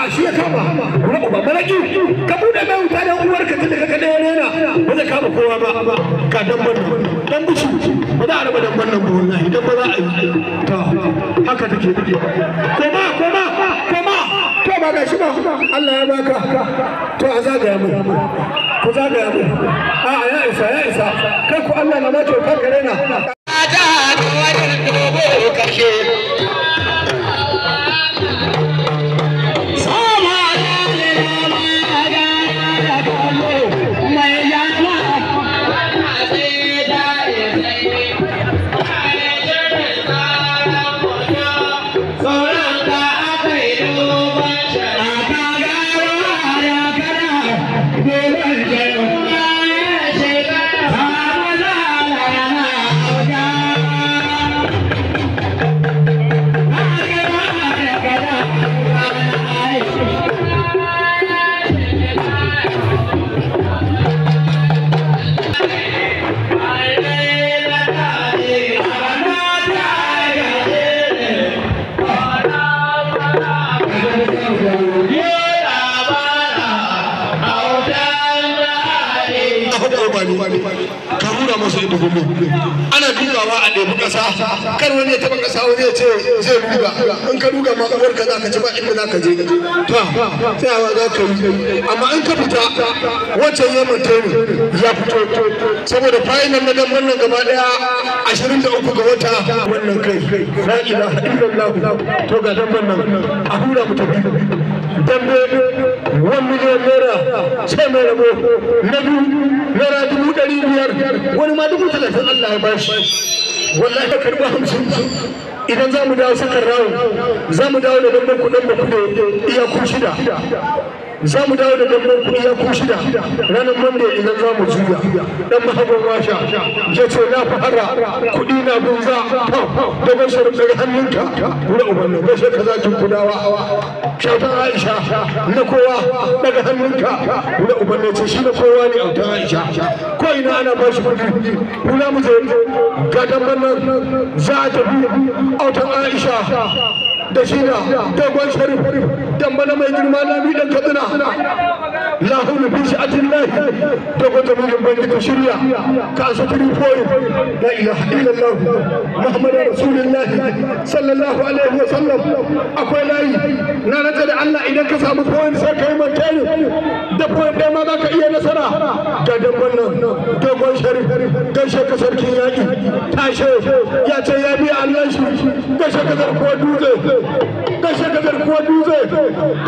a ya ka bude mai wuta dan uwar ka tunda a raba a yi ta haka take koma isa ya isa kai Allah na ma da dogo Thank you. dubu ana dubawa a ɗebi ƙasa kar wani ya taɓa ƙasa wani ya ce zai duba in ka duba ma uwar ka za ka ci ba inda za ka je to awa za ka yi amma in ka fita ya yaman taimi ya fito saboda final na dan wannan gaba ɗaya 23 da uku ga wata wannan kai la ilaha illallah to ga dan wannan a hura mu dambe wan miliyan naira sai mai rabo na biyu naira dubu ɗari biyar wani ma dubu talatin Allah ya bashi wallahi ya karɓi hamsin idan za mu dawo sakar rawun za mu dawo da damben kuɗin da iyakun shida za mu dawo da dabbar kuɗi ya ku da ranar manda idan za mu juya dan mahagon washa ya ce na fara kuɗi na bunza da bashar daga hannunka wuri ubannin bashe ka zakin kudawa kyautar aisha na kowa daga hannunka wuri ubannin ce shi na kowa ne autar aisha ko ina ana ba shi kuɗi kula mu je ga dabbar za a tafi autan aisha da shi da dogon sharif dambana mai girma na dan katsina lahu bi shi'atin lahi dogon shirya ka su turi ilaha illallah rasulullahi sallallahu alaihi wa sallam akwai layi na rantsa da Allah idan ka samu foyin sai kai mantani da ɗaya ma za ka iya nasara ga damban nan dogon sharif gaishe ka sarkin yaƙi tashe ya ce ya biya Allah shi gaishe ka zarkuwa dutse kashe ka garkuwar dutse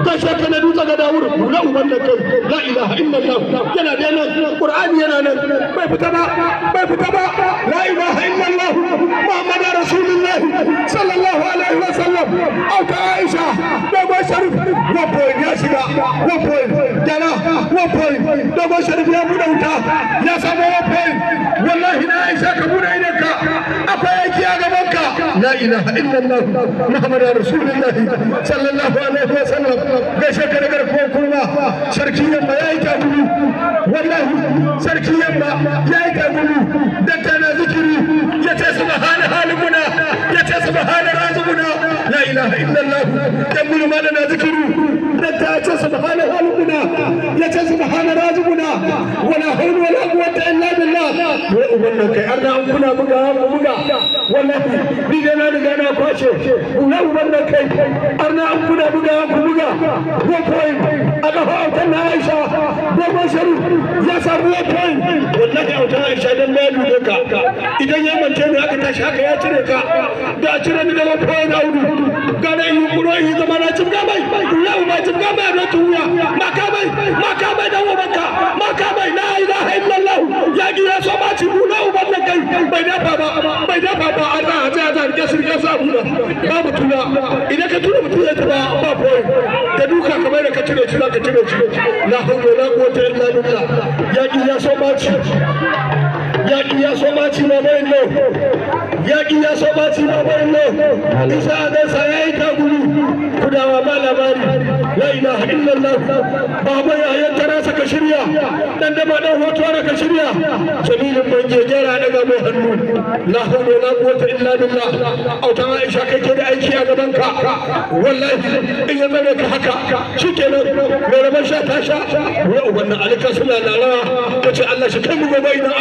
kashe ka na dutse ga dawur na uban da kai la ilaha illallah yana da nan qur'ani yana nan bai fita ba bai fita ba la ilaha illallah muhammadu rasulullahi sallallahu alaihi wa sallam auta aisha dogon sharif one point ya shiga one point jana one point dogon sharif ya buɗe wuta ya samu one point wallahi na aisha ka buɗe idanka a gabanka la ilaha illallah muhammadu rasulullah sallallahu alaihi wa sallam gaishe ka daga ko kurma sarki yamma yayi ta gudu wallahi sarki yamma yayi ta gudu dakka na zikiri yace subhana halimuna yace subhana razumuna la ilaha illallah dan mulma da na zikiri dakka yace subhana halimuna yace subhana razumuna wala hawla wala quwwata wallahi ni da na riga na kwashe bula uban da kai arna an kuna buga ku buga ko point a kafa autan na Aisha dogon sharu ya samu wa point wallahi autan Aisha dan na dubo ka idan ya mance ni aka tashi haka ya cire ka da a cire ni daga point audu gane yi kuro yi zama na cin gamai bula uba cin gamai na tuwa makamai makamai dan wabanka makamai la ilaha illallah ya gina so ba ci bula uban da kai bai dafa ba bai dafa ba ba a ba ta ta rike su rike su da buɗa babu idan ka tura mutum ya tuna ba point ka duka kamar da ka cire shi ka cire shi la hawla la quwwata illa billah yaki ya so baci yaki ya so na bayin nan yaki ya so baci na bayin nan isa da sai ta gudu kudawa ba labari la ilaha illallah baba ya yan tara ka shirya dan da ba dan hoto da ka shirya jamilin ban jejera daga mai hannu la hawla la quwwata illa billah autan aisha kake da aiki a gaban ka wallahi in ya ka haka shikenan mai rabar sha ta sha wani ubannin alika suna lalawa kace Allah shi kai mu gobe idan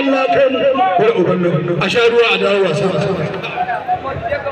a sha ruwa a dawo wasa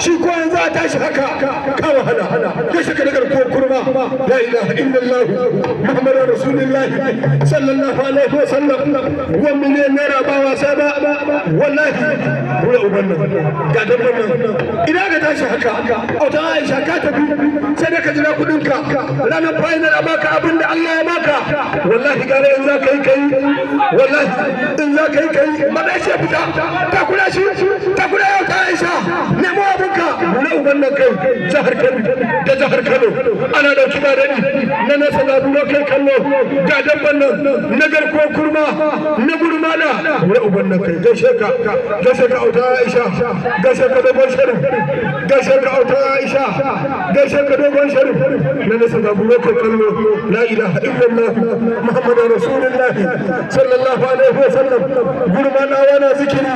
shi ko yanzu a tashi haka ka wahala ya shaka daga ko kurma la ilaha illallah muhammadu rasulullahi sallallahu alaihi wa sallam wa min nara ba wa wasa ba wallahi ruwa ubanna ga dabban nan idan ka tashi haka ta aisha ka tafi sai da ka jira kudin ka ranar final a baka abin da Allah ya baka wallahi gare in za ka yi kai wallahi in za ka yi kai madai shi fita ta kula shi ta kula yau ta aisha ka na wannan kai Kano da Kano ana da kiba da na nasa na duro kai kallo ga dabban na garko kurma na gurmana na wannan kai gaishe ka gaishe ka auta Aisha gaishe ka dogon sharif gaishe ka auta Aisha gaishe ka dogon sharif na na duro kai kallo la ilaha illallah rasulullah sallallahu alaihi wasallam gurmana wana zikiri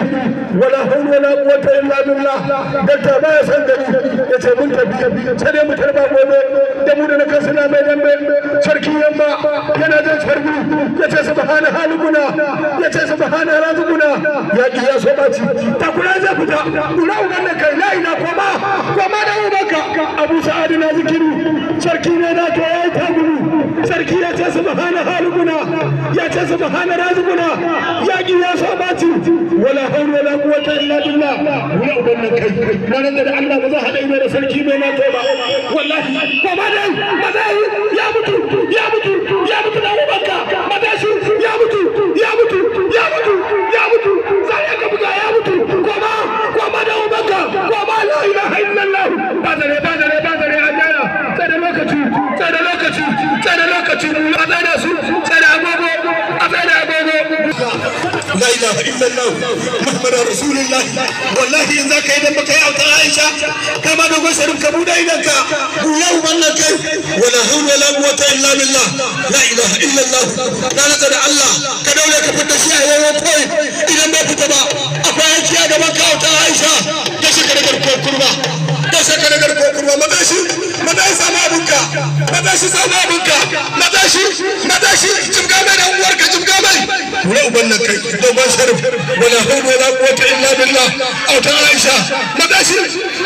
wala hawla wala quwwata illa billah baya san gari ya ce mun tafi sai dai mu tarba gobe da mu da na kansu na mai dambe sarki yamma yana jan sarki ya ce subhana haluguna ya ce subhana ya ki ya so baci ta kula zai fita kula ugan da kai la ina koma koma da ubanka abu sa'adu na zikiru sarki ne na to ya ta gudu sarki ya ce subhana halibuna ya ce subhana razibuna ya ki ya sa baci wala haula wala quwwata illa billah wala ubanna kai nan da Allah ba za hada ido da sarki mai na ba wallahi ko ma dai ba zai ya mutu ya mutu ya mutu da ubanka ma dai shi ya mutu ya mutu ya mutu ya mutu sai ka buga ya mutu ko ma ko ma da ubanka ko ma la ilaha illallah ba da ba da ba da a jara sai da lokaci sai da lokaci tsada lokaci a tsada su tsada agogo a tsada agogo la ilaha illallah muhammadu wallahi yanzu ka baka yi autar aisha kama dogon sharif ka buɗe idan ka yau wannan kai wala hawla wala quwwata illa billah la ilaha illallah na da allah ka daure ka fita shi a yayin point idan bai fita ba akwai aiki a gaban ka aisha ta shekara shi tsamo abinka maza shi maza shi jimga mai da uwarka jimga mai wula uban na kai ban sharif wala hawla wala quwwata illa billah auta aisha maza shi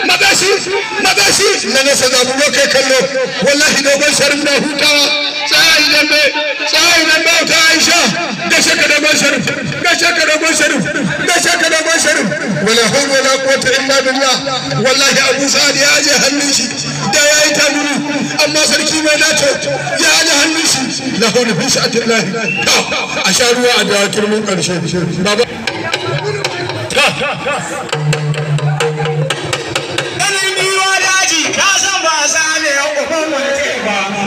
maza shi maza shi na nasa da abubuwa kai kallo wallahi ban sharif na hutawa tsayayi da mai tsayayi da mai auta aisha da gashe ka dogon sharif gashe ka dogon sharif shaka da ban sharif wala hawla wala quwwata illa billah wallahi abu sa'ad ya je hannun shi da yayi ta gudu amma sarki mai nace ya haɗa hannun shi lahu da fi sha'atin lahi a sha ruwa a dawa kirmin ƙarshe baba Ɗan yi wa daji, ka san ba sa ne ya wani ba.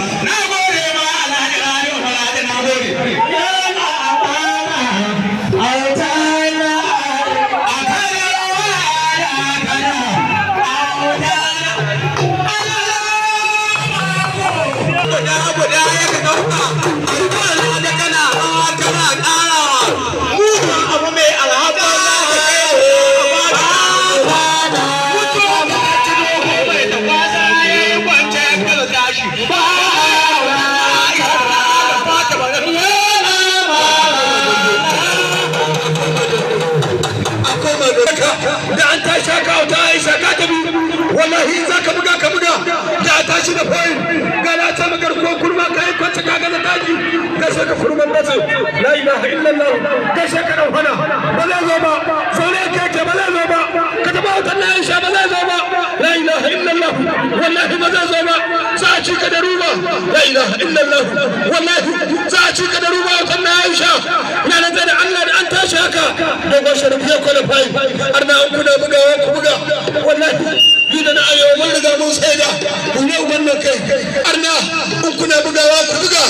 wallahi za ka buga ka buga da a tashi da foyin ga na ta magar ko kurma ka yi kwanta ka gaza taki ka sai ka kurman bazo la ilaha illallah ka shekaran hana ba zai zo ba sauran keke ba zai zo ba ka taba wutar na aisha ba zai zo ba la ilaha illallah wallahi ba zai zo ba za a ci ka da ruba la ilaha illallah wallahi za a ci ka da ruba wutar na aisha ina nan da Allah tashi haka da dogon sharif zai kwalifai har na uku da buga ku buga wallahi biyu da na ayo mun riga mun sai da mun ne uban nan kai har na uku na wa ku buga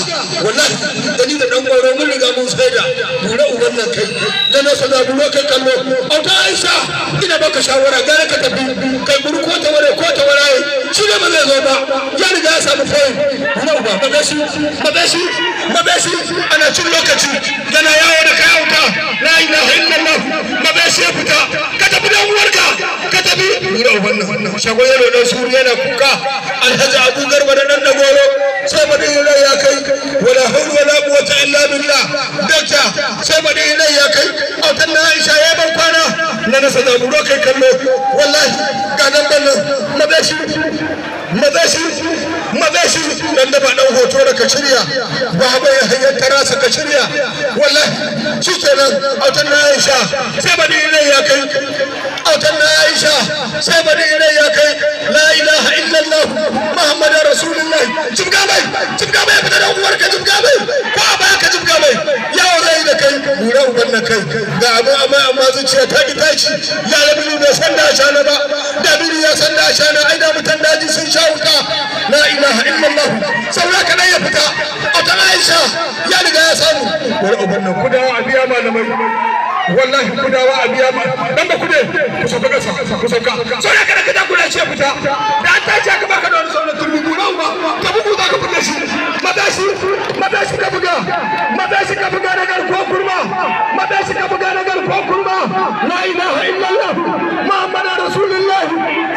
wallahi da ni da dan gwaro mun riga mun saida ku ne uban nan kai da na sada duro kai kallo auta aisha ina baka shawara gara ka tafi kai guri ko ta ware ko ta waraye shi ne ba zai zo ba ya riga ya samu mun babe su babe ana cin lokaci yana yawo da kai auta la ilaha illallah babe su ya fita ka tafi da uwarka ka tafi lura wannan shagon yaro dan suru yana kuka alhaji abu garba da nan da goro sai ba dai rai ya kai wala hawla wala quwwata illa billah dakta sai ba dai rai ya kai autan na aisha ya ba. na sadaburo kai kallo wallahi ga nan ban nan madashi madashi madashi dan da ba dan hoto da ka shirya ba ba ya ka shirya wallahi autan na Aisha sai ya kai autan na Aisha sai ya kai la ilaha muhammadar rasulullah jibga mai jibga mai fita da uwar ka jibga mai ko a ka jibga mai yawo zai da kai lura kai ga amma amma zuciya ta ki tambaye shi ya rabinu bai san da ba da biri ya san da sha na aina mutan daji sun sha wuta la ilaha illallah ya fita aisha ya riga ya samu wani nan kudawa a biya malamai wallahi kudawa a biya dan ba kude ku sauka kasa ku sauka ka da shi ya fita da an baka da wani sauran ba ka bugu za ka fita shi ka buga ka buga kuma la ilaha illallah muhammad rasulullah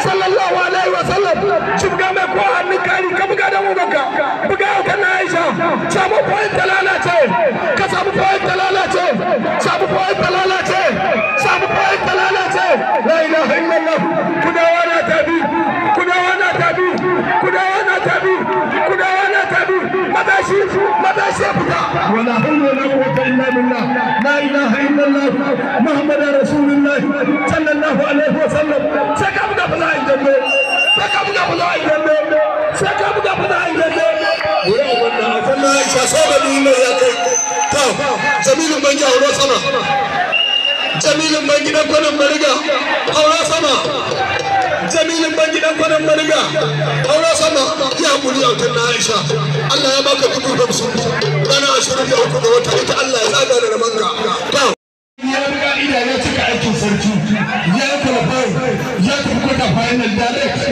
sallallahu alaihi wa mai ko hannun kari ka buga da buga ka na aisha samu lalace ka samu lalace samu lalace محمد رسول الله صلى الله عليه وسلم سكب قبلا الجنة سكب قبلا الجنة سكب قبلا الجنة ورحمة أجمع فصاب دين يا كي تاو جميل من جاء الله سما جميل من جاء قنا مرقا الله سما jamilin bangidan kwanan mariga aure sama ya muri yautar na aisha allah ya baka dubu hamsin rana ashirin da uku ga wata ita allah ya tsaga da ramanka ba wannan direct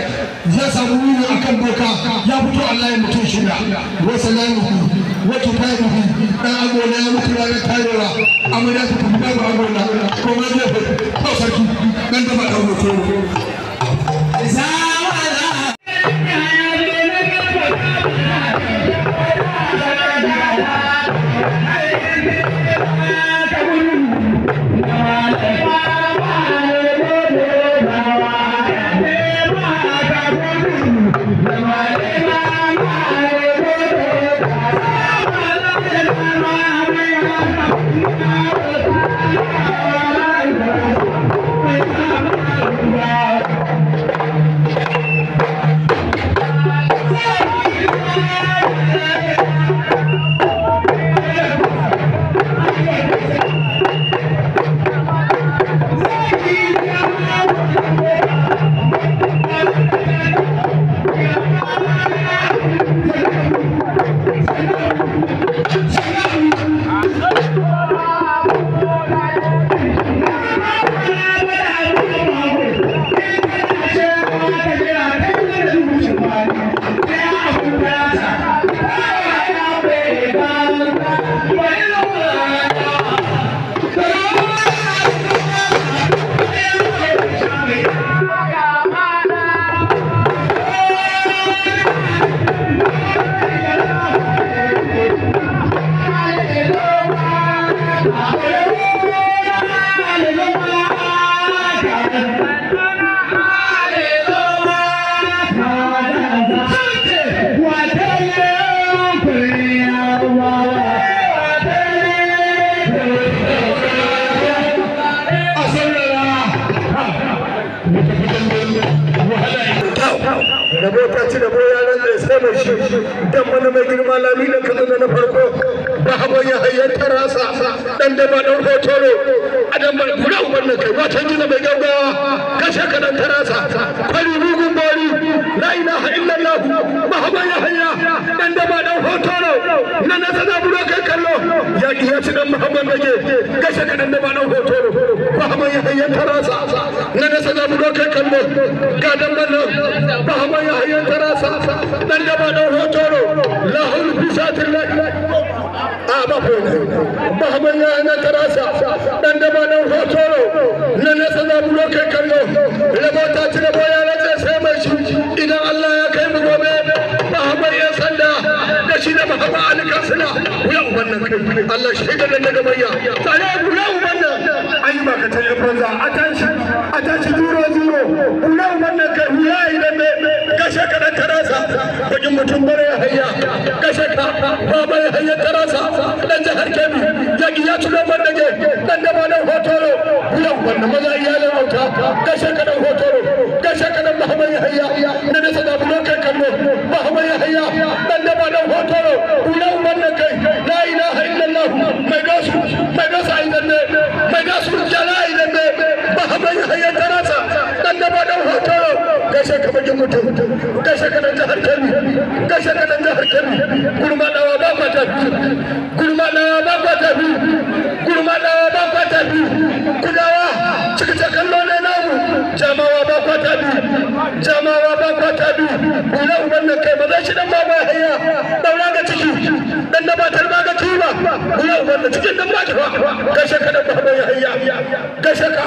ya samu wuri akan boka ya fito Allah ya mutum shida wa salamu wa kitabihi dan agona ya mutu ranar tayowa amma ya tafi babu agona ko ma zai fi kawai sarki dan gaba da mutum rabo ta ci rabo ya rantsa sai mai shi dan mai girma lami da kaduna na farko bahaban ya hayar tarasa dan da ba dan hotoro adam ba kula wannan kai wata jina mai gaugawa kashe ka dan tarasa kwari rugun bori la ilaha illallah bahaban ya hayya dan da ba dan hotoro nan na sada buro kai kallo ya ya ci dan bahaban dake kashe ka dan da ba dan hotoro bahaban ya hayya tarasa nan na sada buro kai kallo ga dan ballo bahaban ya hayya tarasa dan da ba dan kafo mahmud ya na tarasa dan da ba dan hotoro na na tsada kai kallo rabo ta ci rabo ya rage sai mai shi idan Allah ya kai mu gobe mahmud ya sanda da shi da mahmud ali kansila ya ubanna kai Allah shi ga nan daga bayya tsare bulo ubanna ai ba ka tare banza atanshi atanshi duro duro bulo ubanna kai ya idan me kashe ka dan tarasa bakin mutum bare haya kashe ka ba bare tarasa jihar kebbi jagiyatu lobar dan da hotoro maza iyalan auta hotoro mahamman na kallo mahamman dan da hotoro kai la ilaha illallah mai gasu mai gasu ne mai gasu jala ne mahamman tarasa dan da hotoro mutum kurma dawa kwatabi kurma dawa ba kwatabi kurma dawa ba kwatabi kudawa cikita kallo ne namu jamawa ba kwatabi jamawa ba kwatabi wala uban da kai ba za shi dan ma ba haya daura ga ciki dan da ba tarba ga ciki ba wala uban cikin dan ki fa gashe ka da ba ba haya gashe ka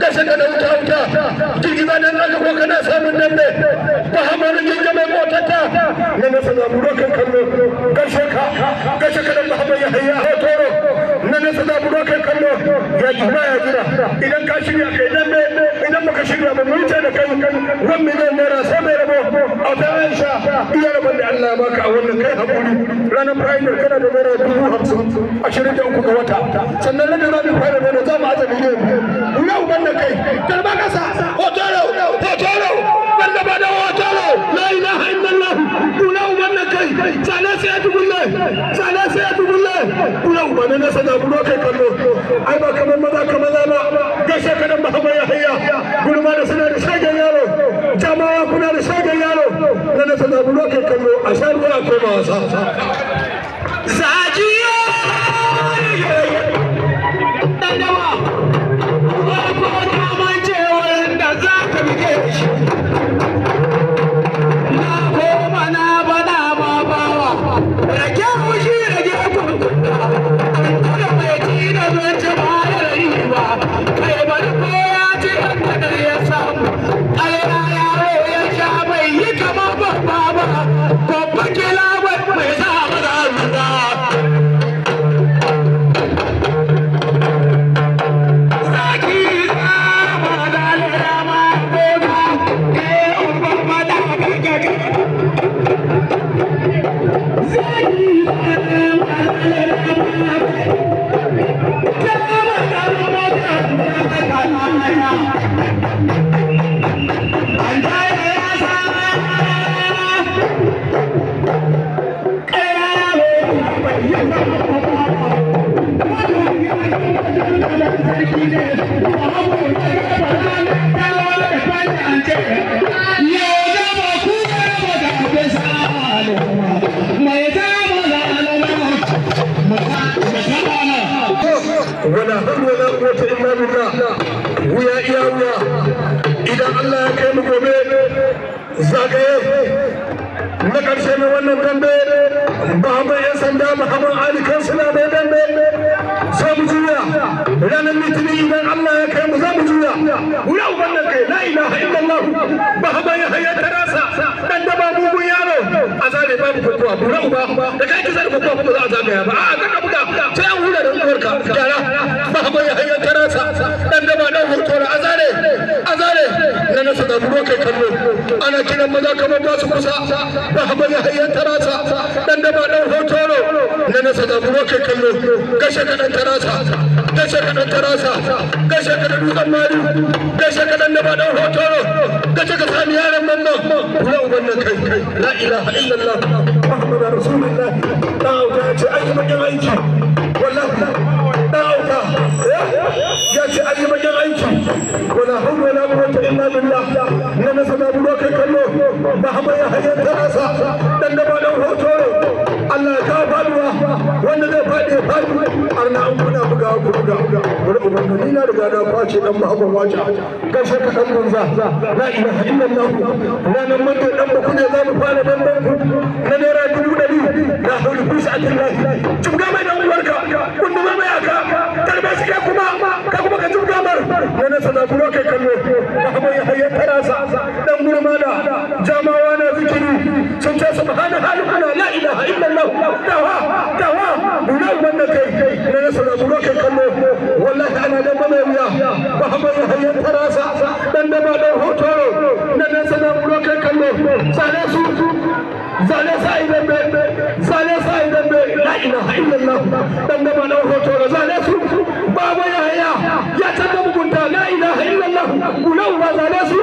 gashe ka da wuta wuta girgiza dan aka ko kana samun dambe ba hamarin jirgin mai motata na nasala burokan kallo ka ka ya jira ya jira idan ka shirya kai dan idan shirya da kai wan miliyan naira sai mai rabo a ta iya baka a wannan ashirin da uku ga wata sannan da yau kai karba kasa ilaha illallah kula ubanna kai tsala sai ya tugulle tsala sai ya tugulle kula ubanna na sana buro kai kallo ai ba kamar maza kamar zama gashe kadan ba haba ya hayya gurma da sana da shagen yaro jama'a kuna da shagen yaro na na sana buro kai kallo a shan ruwa ko ba wasa لا إله إلا الله بهما يحيى تراسا تندبابو a zabe babu kokowa bura ba. da kai ki zabe kokowa kuma za a zagaya ba a'a kada buga sai an hura da uwarka gyara ba ya hanyar tarasa dan dama dan hurtora a zare a na nasa da buro kai kallo ana kiran maza kamar ba su kusa ba mai hanyar tarasa dan dama dan hurtoro na nasa da buro kai kallo ka kadan tarasa ka kadan tarasa ka kadan dutsen mali ka gashe kadan dama dan hurtoro gashe ka sami yaran mamma bura uban nan kai la ilaha illa illallah Muhammadu Rasulullah da auka ya ce an yi bakin aiki wallahi da auka ya ce an yi bakin aiki wala hawla wala quwwata illa billah na nasa da budo kai kallo Allah ya kawo wanda zai faɗi ya faɗi har na an kuna buga ku buga wani ubangiji na riga na kwace dan mahabban wace gashe ka dan banza la ilaha illallah ranar manta dan ba kuje za mu fara dan ban ku na naira dubu ɗari na hauri fi sa'atin lahi jibga mai dan uwarka kunduma mai aka tarbe shi ke kuma ka kuma ka jibga mar na nasa na kuma kai kallo mahabban ya hayyar tarasa dan gurmana jamawa na zikiri mahalicin ta subhana halikuna la ilaha illallah dawa dawa nuna wannan kai na nasu da tsoro kai kallo wallahi ana da bane wuya ba haba ya hayyar tarasa dan da ba dan hoto na nasu da tsoro kai kallo sale su zane sa idan be zane sa idan be la ilaha illallah dan da ba dan hoto zane su baba ya haya ya tada mugunta la ilaha illallah gulau ba zane su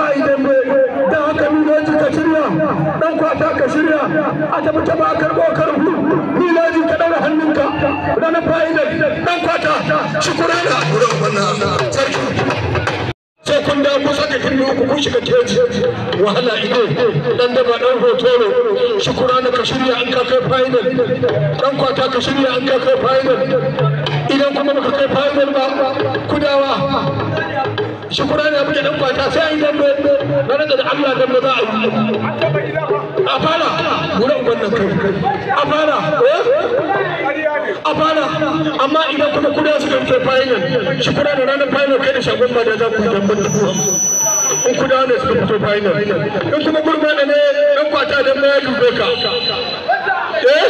za yi dambe da haka miloji ka shirya dan kwata ka shirya a tafi ta ba karɓo karɓu miloji ka ɗaga hannunka rana fa'idar dan kwata shukura da gurin wannan sai kun da kusa da hindu ku kun shiga keji wahala ide dan daba dan hotoro shukura na ka shirya an ka kai fa'idar dan kwata ka shirya an ka kai fa'idar idan kuma kai ba kudawa shi kuma ne muke dan sai sai yi dambe ranar da Allah dambe za a yi a fara wurin wannan kai a fara eh? a fara amma idan kuma kuda suka fito final shi kuma da ranar final kai da shagon ma da za ku dambe da ku in kuda ne suka fito final in kuma gurbaɗa ne dan kwata dambe ya dube ka eh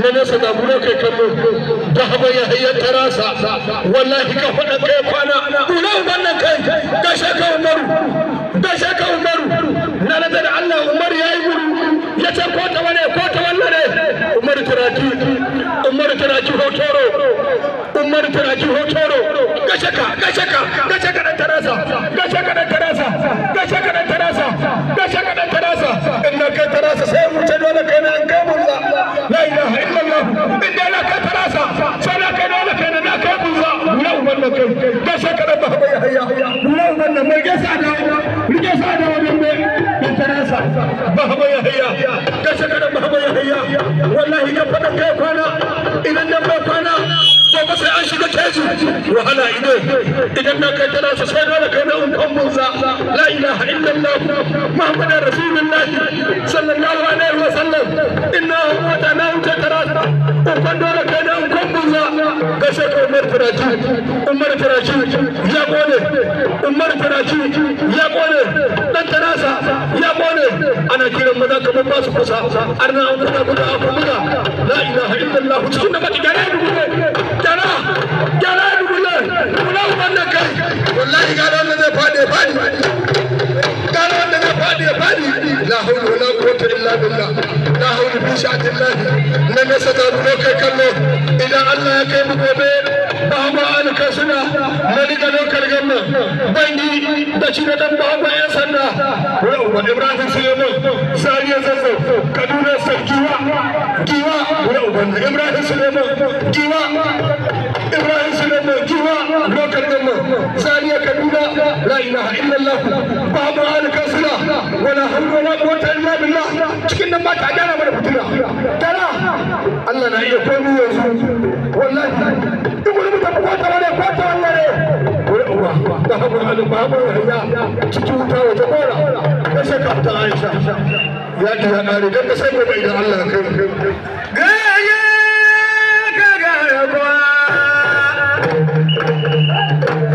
na nesa da gure kai kallo dahaba ya hayyata rasa wallahi ka faɗa kai kwana kula wannan kai da shaka umaru da shaka umaru na nazar Allah umaru ya yi guru ya ce ko ta wane ko ta wannan ne umaru turaki umaru turaki hotoro umaru turaki hotoro ga shaka ga shaka ga shaka da tarasa ga shaka da tarasa ga shaka da tarasa ga shaka da tarasa in na tarasa sai mu ce dole kai na an kai mun la ilaha illallah in da na kai mata sadaka ka da kai na kai kai da shekara ba bai haya mai rike mai tantarasa ba bai haya da shekara ba bai haya wallahi kai kwana idan da ba kwana ba sai an shiga keji wahala ido idan na kai tana su sai dole kai da na umman munza la ilaha illallah muhammadu rasulullahi sallallahu alaihi wa sallam inna wata na wuce ta umman dole kai na umman munza ga shekau umar turaci umar turaci ya kone umar turaci ya kone dan tarasa ya kone ana kiran maza kamar ba su kusa arna an kusa kuma a kurmuka la ilaha illallah cikin da mata gare da gyara dubula dubula wannan kai wallahi zai faɗi faɗi gara wanda zai faɗi ya faɗi kai kallo idan Allah ya kai mu gobe Baba Alkasuna Malika Lokal Gamma Bangi da shi da dan Zazzau Kaduna Sarkiwa giwa wurin ubanza ibrahim sulaiman giwa ibrahim suleiman giwa lokal gama zariya kaduna la ilaha illallah babu alika sula wala hawla wala quwwata illa billah cikin nan ba ta dana mana fitina tara Allah na iya komai yanzu wallahi duk wani mutum ko ta wani ko ta wani ne wurin uba da hawa da babu hayya cikin wuta wata kora sai ka ta Aisha ya ta ya ƙare don ka san gobe idan Allah kai gaya ka gaya ba